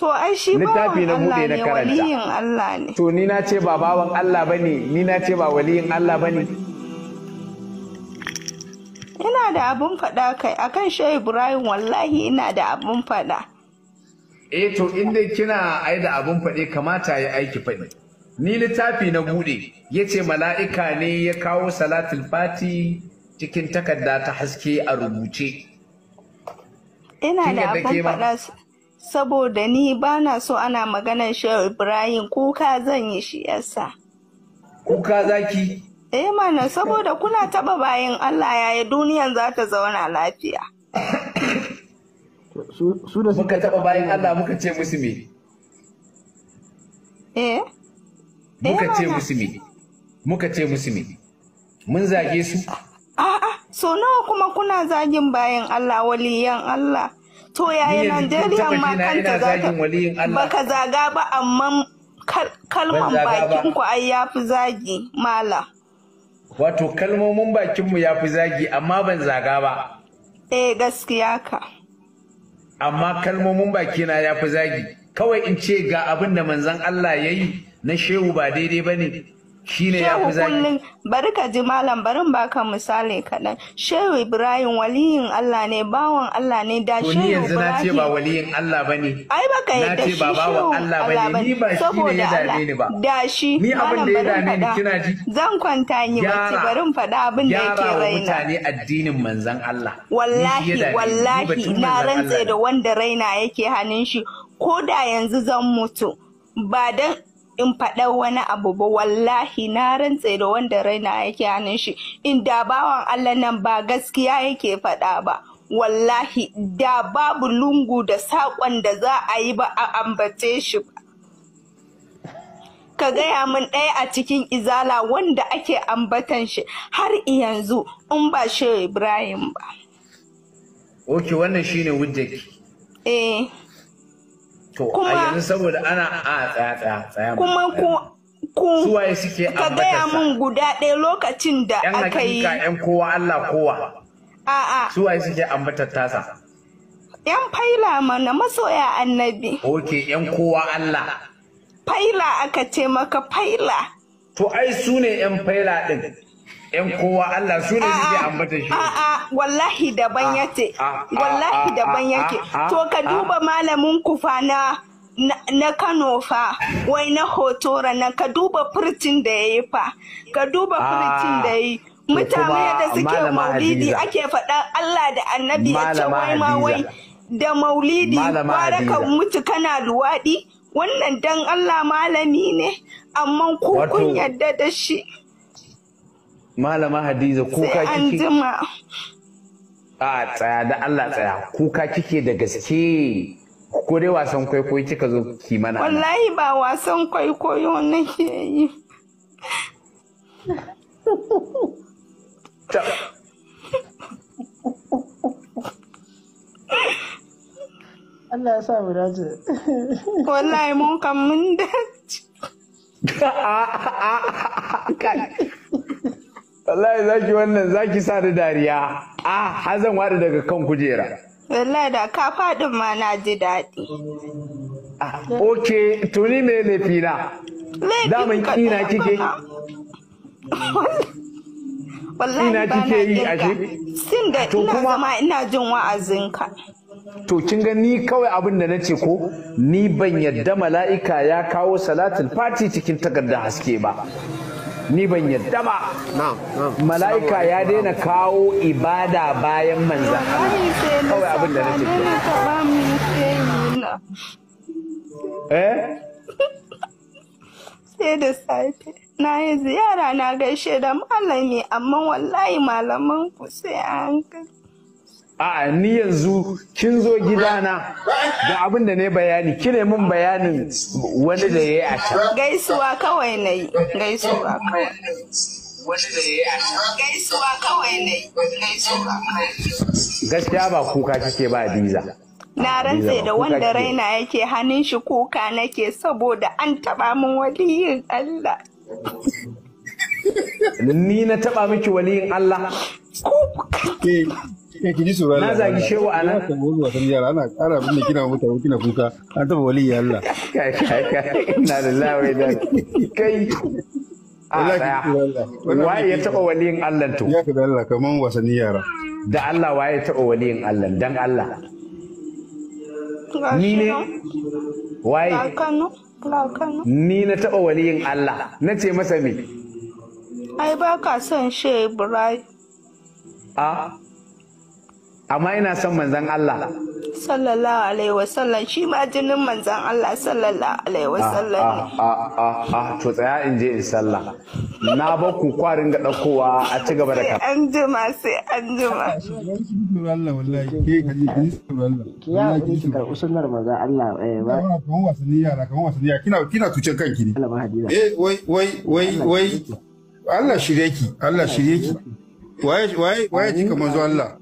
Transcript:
To ai shi Allah ne waliyin Allah ne. To ni na ce ba bawan Allah ba ne, ni na ce ba waliyin Allah ba ne. Ina da abin faɗa kai akan Shehu Ibrahim wallahi ina da abin faɗa. Eh to in dai kina ai da abin faɗe kamata ya aiki faɗi. Ni littafi na buɗe ya ce mala'ika ne ya kawo salatul fati cikin takarda ta haske a rubuce. Ina da abin faɗa saboda ni ba na so ana maganar shehu ibrahim kuka zan yi shi yasa kuka zaki eh mana saboda kuna taba bayan allah yaya duniyan za ta zauna lafiya su da suka taba bayan allah muka ce musu me eh, eh muka ce musu me muka ce musu me mun zage su a'a so nawa kuma kuna zagin bayan allah waliyan allah to yaya Najeriya ma kanta ta baka zaga ba amma kalman bakin ku ai yafi zagi malam wato kalmomin bakinmu ya fi zagi amma ban zaga ba eh gaskiya ka amma kalmomin bakina ya fi zagi kawai in ce ga abin da manzon Allah ya yi na shehu ba daidai ba ne shine ya fi zaki bari ka ji malam barin baka misali kaɗan shehu ibrahim waliyin allah ne bawan allah ne da shehu ibrahim yanzu na ce ba waliyin allah ba ne ai ka yadda shi shehu allah ba ne ni ba shi ne ya dame ni ba da shi ni abin da ya dame ni kina ji zan kwanta ni bacci barin faɗa abin da yake raina mutane addinin manzon allah wallahi wallahi na rantse da wanda raina yake hannun shi ko da yanzu zan mutu ba dan in faɗa wani abu ba wallahi na rantse da wanda raina yake hannun shi in da bawan Allah nan ba gaskiya yake faɗa ba wallahi da babu lungu da saƙon da za a yi ba a ambace shi ba ka gaya min ɗaya a cikin izala wanda ake ambatan shi har yanzu in ba shi Ibrahim ba. Ok, wannan shine wujjaki. Eh. To a yanzu saboda ana a tsaya tsaya tsaya. Kuma ko ku suwaye suke ka gaya mun guda ɗaya lokacin da aka yi. Yan hakika yan kowa Allah kowa. A'a. Suwaye suke ambatar tasa. Yan faila mana masoya annabi. Ok yan kowa Allah. Faila aka ce maka faila. To ai su ne yan faila ɗin. 'yan kowa Allah su ne suke ambata shi. A'a wallahi daban ah, yake. Ah, ah, wallahi daban yake to ka duba malamin kufa na na Kano fa wai na hotora nan ka duba furcin da ya yi fa ka duba furcin da ya yi. mutane da suke maulidi ake faɗa Allah da annabi ya ce wai ma wai da maulidi gwara ka mutu kana luwaɗi wannan dan Allah malami ne amma ku kun yadda da shi. malama hadiza kuka kike a tsaya da Allah tsaya kuka kike da gaske ko dai wasan kwaikwayo kika zo ki wallahi ba wasan kwaikwayo nake yi Allah ya sa mu dace wallahi mun kan mun dace wallahi zaki wannan zaki sa da dariya a hazan wada daga kan kujera wallahi da ka faɗin ma na ji daɗi ok tuni me laifina. na daman kina kike wallahi ina na yi ashe sin da ina zama ina jin wa'azinka to kin ga ni kawai abin da nace ko ni ban yadda mala'ika ya kawo salatul fati cikin takardar haske ba ni ban yadda ba mala'ika ya daina kawo ibada bayan manza kawai abin da nake eh sai da safe na yi ziyara na gaishe da malami amma wallahi malaman ku sai a hankali a'a ni yanzu kin zo gidana da abin da ne bayani kine mun bayanin wani da ya yi a can gaisuwa kawai na yi gaisuwa kawai na yi gaskiya ba kuka kike ba Adiza. na rantse da wanda raina yake hannun shi kuka nake saboda an taba min waliyin Allah ni na taba miki waliyin Allah na zagi shehu a nan kan wuzu wasan yara ana ƙara abin da kina mutane kina kuka an taba wali Allah kai kai kai na lillahi wai da kai waye ya taba waliyin Allah to ya ka da Allah kaman wasanni yara da Allah waye ya taba waliyin Allah dan Allah ni ne waye ni na taba waliyin Allah na ce masa me ai ba ka son shi ibrahim a amma ina son manzan Allah sallallahu alaihi wasallam shi ma jinin manzan Allah sallallahu alaihi wasallam ne a a a to tsaya in je in sallah na ba ku kwarin ga dakowa a ci gaba da kafa an jima sai an jima Allah wallahi ke kaji kin Allah ya ji karɓi sunnar manzan Allah eh ba kan wasanni yara kan wasanni kina kina tuce kanki ne Allah ba hadira eh wai wai wai wai Allah shirye ki Allah shirye ki waye waye waye cika manzo Allah